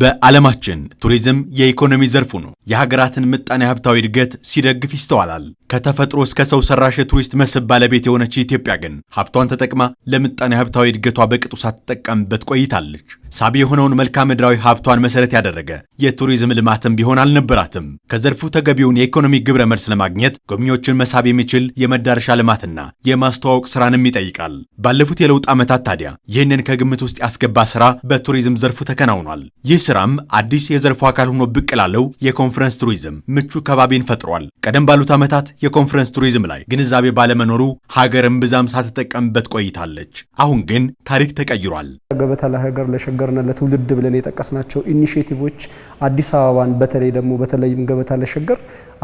በዓለማችን ቱሪዝም የኢኮኖሚ ዘርፉ ነው። የሀገራትን ምጣኔ ሀብታዊ እድገት ሲደግፍ ይስተዋላል። ከተፈጥሮ እስከ ሰው ሰራሽ የቱሪስት መስህብ ባለቤት የሆነች ኢትዮጵያ ግን ሀብቷን ተጠቅማ ለምጣኔ ሀብታዊ እድገቷ በቅጡ ሳትጠቀምበት ቆይታለች። ሳቢ የሆነውን መልክዓ ምድራዊ ሀብቷን መሰረት ያደረገ የቱሪዝም ልማትም ቢሆን አልነበራትም። ከዘርፉ ተገቢውን የኢኮኖሚ ግብረ መልስ ለማግኘት ጎብኚዎችን መሳብ የሚችል የመዳረሻ ልማትና የማስተዋወቅ ስራንም ይጠይቃል። ባለፉት የለውጥ ዓመታት ታዲያ ይህንን ከግምት ውስጥ ያስገባ ስራ በቱሪዝም ዘርፉ ተከናውኗል። ይህ ስራም አዲስ የዘርፉ አካል ሆኖ ብቅ ላለው የኮንፈረንስ ቱሪዝም ምቹ ከባቢን ፈጥሯል። ቀደም ባሉት ዓመታት የኮንፈረንስ ቱሪዝም ላይ ግንዛቤ ባለመኖሩ ሀገርን ብዛም ሳትጠቀምበት ቆይታለች። አሁን ግን ታሪክ ተቀይሯል። ገበታ ለሀገር ለሸጋ የተሻገርና ለትውልድ ብለን የጠቀስናቸው ኢኒሽቲቮች አዲስ አበባን በተለይ ደግሞ በተለይም ገበታ ለሸገር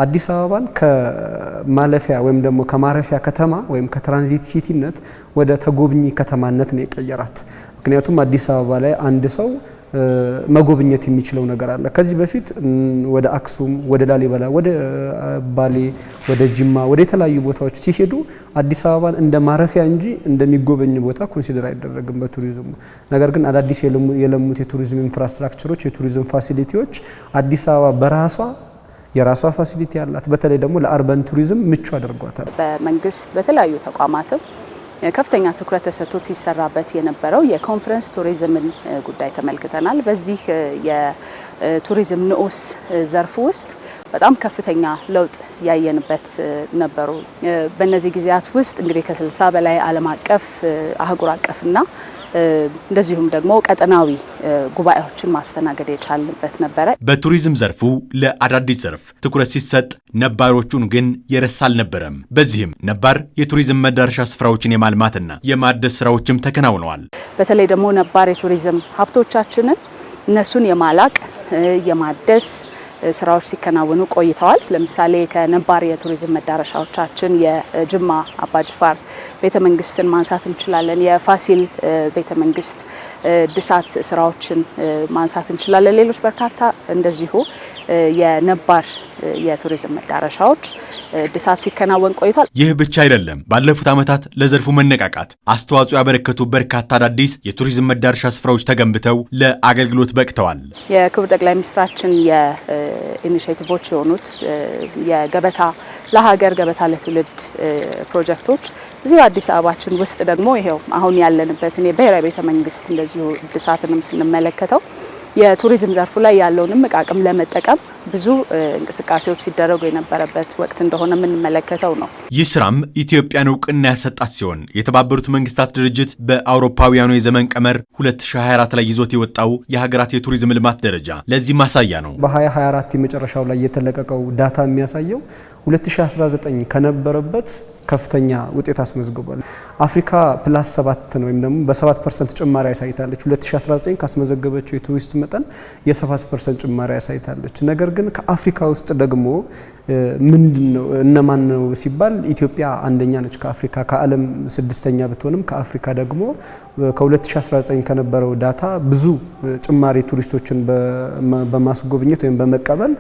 አዲስ አበባን ከማለፊያ ወይም ደግሞ ከማረፊያ ከተማ ወይም ከትራንዚት ሲቲነት ወደ ተጎብኚ ከተማነት ነው የቀየራት። ምክንያቱም አዲስ አበባ ላይ አንድ ሰው መጎብኘት የሚችለው ነገር አለ። ከዚህ በፊት ወደ አክሱም፣ ወደ ላሊበላ፣ ወደ ባሌ፣ ወደ ጅማ፣ ወደ የተለያዩ ቦታዎች ሲሄዱ አዲስ አበባን እንደ ማረፊያ እንጂ እንደሚጎበኝ ቦታ ኮንሲደር አይደረግም በቱሪዝሙ። ነገር ግን አዳዲስ የለሙት የቱሪዝም ኢንፍራስትራክቸሮች፣ የቱሪዝም ፋሲሊቲዎች አዲስ አበባ በራሷ የራሷ ፋሲሊቲ አላት። በተለይ ደግሞ ለአርበን ቱሪዝም ምቹ አድርጓታል። በመንግስት በተለያዩ ተቋማትም ከፍተኛ ትኩረት ተሰጥቶት ሲሰራበት የነበረው የኮንፈረንስ ቱሪዝምን ጉዳይ ተመልክተናል። በዚህ የቱሪዝም ንዑስ ዘርፍ ውስጥ በጣም ከፍተኛ ለውጥ ያየንበት ነበሩ። በእነዚህ ጊዜያት ውስጥ እንግዲህ ከስልሳ በላይ ዓለም አቀፍ አህጉር አቀፍና እንደዚሁም ደግሞ ቀጠናዊ ጉባኤዎችን ማስተናገድ የቻልንበት ነበረ። በቱሪዝም ዘርፉ ለአዳዲስ ዘርፍ ትኩረት ሲሰጥ ነባሮቹን ግን የረሳ አልነበረም። በዚህም ነባር የቱሪዝም መዳረሻ ስፍራዎችን የማልማትና የማደስ ስራዎችም ተከናውነዋል። በተለይ ደግሞ ነባር የቱሪዝም ሀብቶቻችንን እነሱን የማላቅ የማደስ ስራዎች ሲከናወኑ ቆይተዋል። ለምሳሌ ከነባር የቱሪዝም መዳረሻዎቻችን የጅማ አባጅፋር ቤተ መንግስትን ማንሳት እንችላለን። የፋሲል ቤተ መንግስት እድሳት ስራዎችን ማንሳት እንችላለን። ሌሎች በርካታ እንደዚሁ የነባር የቱሪዝም መዳረሻዎች እድሳት ሲከናወን ቆይቷል። ይህ ብቻ አይደለም። ባለፉት ዓመታት ለዘርፉ መነቃቃት አስተዋጽኦ ያበረከቱ በርካታ አዳዲስ የቱሪዝም መዳረሻ ስፍራዎች ተገንብተው ለአገልግሎት በቅተዋል። የክቡር ጠቅላይ ሚኒስትራችን የኢኒሽቲቮች የሆኑት የገበታ ለሀገር ገበታ ለትውልድ ፕሮጀክቶች እዚሁ አዲስ አበባችን ውስጥ ደግሞ ይሄው አሁን ያለንበት እኔ ብሔራዊ ቤተ መንግስት እንደዚሁ እድሳትንም ስንመለከተው የቱሪዝም ዘርፉ ላይ ያለውንም አቅም ለመጠቀም ብዙ እንቅስቃሴዎች ሲደረጉ የነበረበት ወቅት እንደሆነ የምንመለከተው ነው። ይህ ስራም ኢትዮጵያን እውቅና ያሰጣት ሲሆን የተባበሩት መንግስታት ድርጅት በአውሮፓውያኑ የዘመን ቀመር 2024 ላይ ይዞት የወጣው የሀገራት የቱሪዝም ልማት ደረጃ ለዚህ ማሳያ ነው። በ2024 የመጨረሻው ላይ የተለቀቀው ዳታ የሚያሳየው 2019 ከነበረበት ከፍተኛ ውጤት አስመዝግቧል። አፍሪካ ፕላስ ሰባት ነው ወይም ደግሞ በሰባት ፐርሰንት ጭማሪ አሳይታለች። 2019 ካስመዘገበችው የቱሪስት መጠን 7 ፐርሰንት ጭማሪ አሳይታለች። ነገር ግን ከአፍሪካ ውስጥ ደግሞ ምንድን ነው እነማን ነው ሲባል ኢትዮጵያ አንደኛ ነች ከአፍሪካ ከዓለም ስድስተኛ ብትሆንም ከአፍሪካ ደግሞ ከ2019 ከነበረው ዳታ ብዙ ጭማሪ ቱሪስቶችን በማስጎብኘት ወይም በመቀበል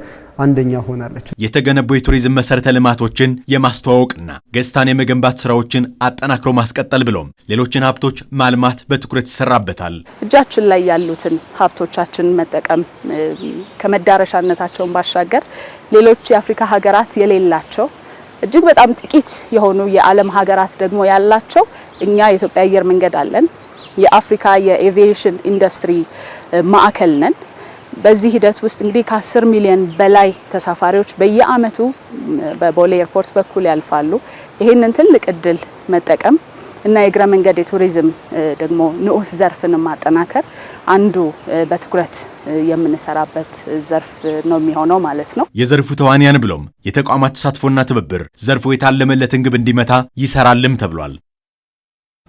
አንደኛ ሆናለች። የተገነቡ የቱሪዝም መሰረተ ልማቶችን የማስተዋወቅና ገጽታን የመገንባት ስራዎችን አጠናክሮ ማስቀጠል ብሎም ሌሎችን ሀብቶች ማልማት በትኩረት ይሰራበታል። እጃችን ላይ ያሉትን ሀብቶቻችን መጠቀም ከመዳረሻነታቸውን ባሻገር ሌሎች የአፍሪካ ሀገራት የሌላቸው እጅግ በጣም ጥቂት የሆኑ የዓለም ሀገራት ደግሞ ያላቸው እኛ የኢትዮጵያ አየር መንገድ አለን። የአፍሪካ የኤቪዬሽን ኢንዱስትሪ ማዕከል ነን። በዚህ ሂደት ውስጥ እንግዲህ ከ10 ሚሊዮን በላይ ተሳፋሪዎች በየአመቱ በቦሌ ኤርፖርት በኩል ያልፋሉ። ይህንን ትልቅ እድል መጠቀም እና የእግረ መንገድ የቱሪዝም ደግሞ ንዑስ ዘርፍን ማጠናከር አንዱ በትኩረት የምንሰራበት ዘርፍ ነው የሚሆነው ማለት ነው። የዘርፉ ተዋንያን ብሎም የተቋማት ተሳትፎና ትብብር ዘርፉ የታለመለትን ግብ እንዲመታ ይሰራልም ተብሏል።